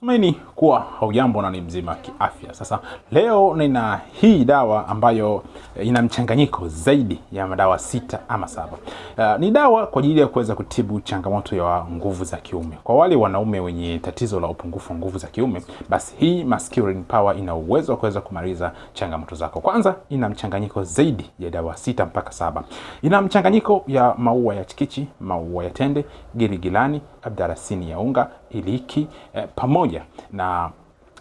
Tumaini kuwa haujambo na ni mzima kiafya. Sasa leo nina hii dawa ambayo eh, ina mchanganyiko zaidi ya madawa sita ama saba. Uh, ni dawa kwa ajili ya kuweza kutibu changamoto ya nguvu za kiume. Kwa wale wanaume wenye tatizo la upungufu wa nguvu za kiume, basi hii Masculine Power ina uwezo wa kuweza kumaliza changamoto zako. Kwanza ina mchanganyiko zaidi ya dawa sita mpaka saba. Ina mchanganyiko ya maua ya chikichi, maua ya tende, giligilani, abdarasini ya unga iliki eh, pamoja na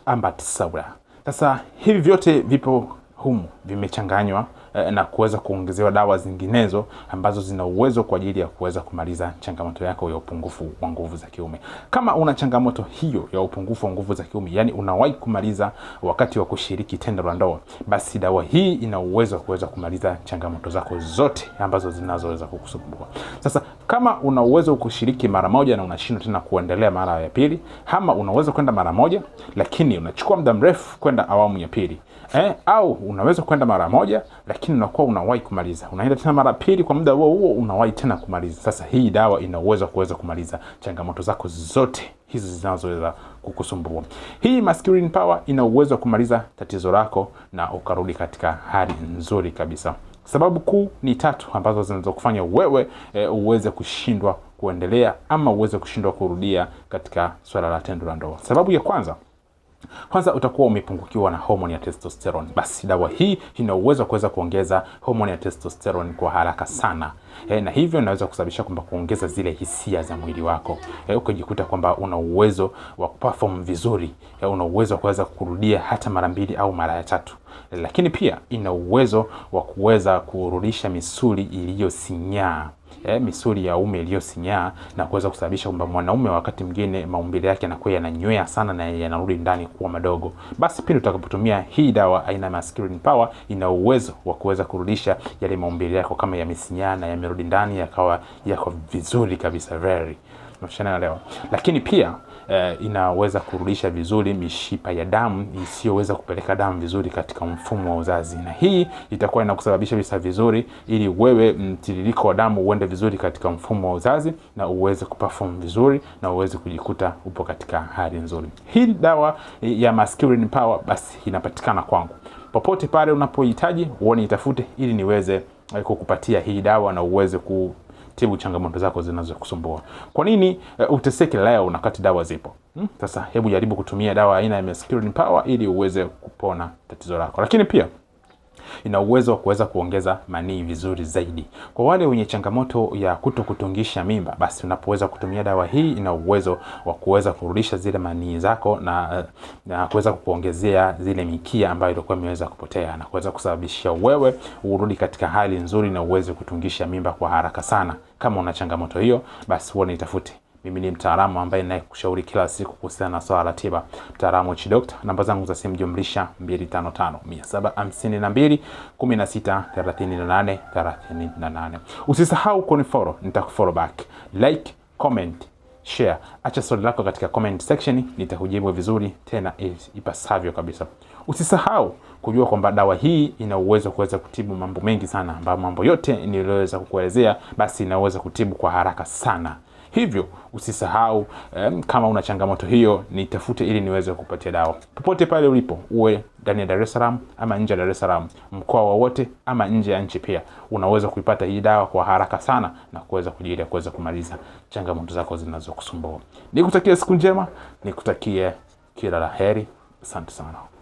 ambat saura. Sasa hivi vyote vipo humu vimechanganywa eh, na kuweza kuongezewa dawa zinginezo ambazo zina uwezo kwa ajili ya kuweza kumaliza changamoto yako ya upungufu wa nguvu za kiume. Kama una changamoto hiyo ya upungufu wa nguvu za kiume, yani unawahi kumaliza wakati wa kushiriki tendo la ndoa, basi dawa hii ina uwezo wa kuweza kumaliza changamoto zako zote ambazo zinazoweza kukusumbua. Sasa kama una uwezo kushiriki mara moja na unashindwa tena kuendelea mara ya pili, ama unaweza kwenda mara moja lakini unachukua muda mrefu kwenda awamu ya pili eh, au unaweza kwenda mara moja lakini unakuwa unawahi kumaliza, unaenda tena mara pili, kwa muda huo huo unawahi tena kumaliza. Sasa hii dawa ina uwezo kuweza kumaliza changamoto zako zote hizi zinazoweza kukusumbua. Hii masculine power ina uwezo wa kumaliza tatizo lako na ukarudi katika hali nzuri kabisa. Sababu kuu ni tatu ambazo zinaweza kufanya wewe e, uweze kushindwa kuendelea ama uweze kushindwa kurudia katika swala la tendo la ndoa. Sababu ya kwanza kwanza utakuwa umepungukiwa na homoni ya testosterone, basi dawa hii ina uwezo wa kuweza kuongeza homoni ya testosterone kwa haraka sana e, na hivyo inaweza kusababisha kwamba kuongeza zile hisia za mwili wako e, ukijikuta kwamba una uwezo wa kuperform vizuri e, una uwezo wa kuweza kurudia hata mara mbili au mara ya tatu e, lakini pia ina uwezo wa kuweza kurudisha misuli iliyosinyaa eh, misuli ya ume iliyosinyaa na kuweza kusababisha kwamba mwanaume wakati mwingine maumbile yake yanakuwa yananywea sana na yanarudi ndani kuwa madogo. Basi pindi utakapotumia hii dawa aina ya Masculine Power, ina uwezo wa kuweza kurudisha yale maumbile yako kama yamesinyaa na yamerudi ndani yakawa yako vizuri kabisa very leo. Lakini pia eh, inaweza kurudisha vizuri mishipa ya damu isiyoweza kupeleka damu vizuri katika mfumo wa uzazi, na hii itakuwa inakusababisha visa vizuri, ili wewe mtiririko wa damu uende vizuri katika mfumo wa uzazi na uweze kuperform vizuri na uweze kujikuta upo katika hali nzuri. Hii dawa eh, ya Masculine Power basi inapatikana kwangu popote pale unapohitaji, uone itafute, ili niweze eh, kukupatia hii dawa na uweze ku tibu changamoto zako zinazokusumbua. Kwa nini uh, uteseke leo nakati dawa zipo? Hmm? Sasa hebu jaribu kutumia dawa aina ya Mescaline Power ili uweze kupona tatizo lako, lakini pia ina uwezo wa kuweza kuongeza manii vizuri zaidi. Kwa wale wenye changamoto ya kuto kutungisha mimba, basi unapoweza kutumia dawa hii ina uwezo wa kuweza kurudisha zile manii zako na, na kuweza kukuongezea zile mikia ambayo ilikuwa imeweza kupotea na kuweza kusababisha wewe urudi katika hali nzuri na uweze kutungisha mimba kwa haraka sana. Kama una changamoto hiyo, basi huwa nitafute mimi ni mtaalamu ambaye ninayekushauri kila siku kuhusiana na swala la tiba, mtaalamu wa Chidokta. Namba zangu za simu jumlisha 255 Usisahau kunifollow, nitakufollow back. Like, comment, share, acha swali lako katika comment section, nitakujibu vizuri tena ipasavyo kabisa. Usisahau kujua kwamba dawa hii ina uwezo kuweza kutibu mambo mengi sana, ambayo mambo yote niliyoweza kukuelezea basi inaweza kutibu kwa haraka sana. Hivyo usisahau um, kama una changamoto hiyo nitafute ili niweze kupatia dawa. Popote pale ulipo, uwe ndani ya Dar es Salaam ama nje ya Dar es Salaam, mkoa wowote ama nje ya nchi pia, unaweza kuipata hii dawa kwa haraka sana na kuweza kujiria kuweza kumaliza changamoto zako zinazokusumbua. Nikutakia siku njema, nikutakie kila la heri. Asante sana.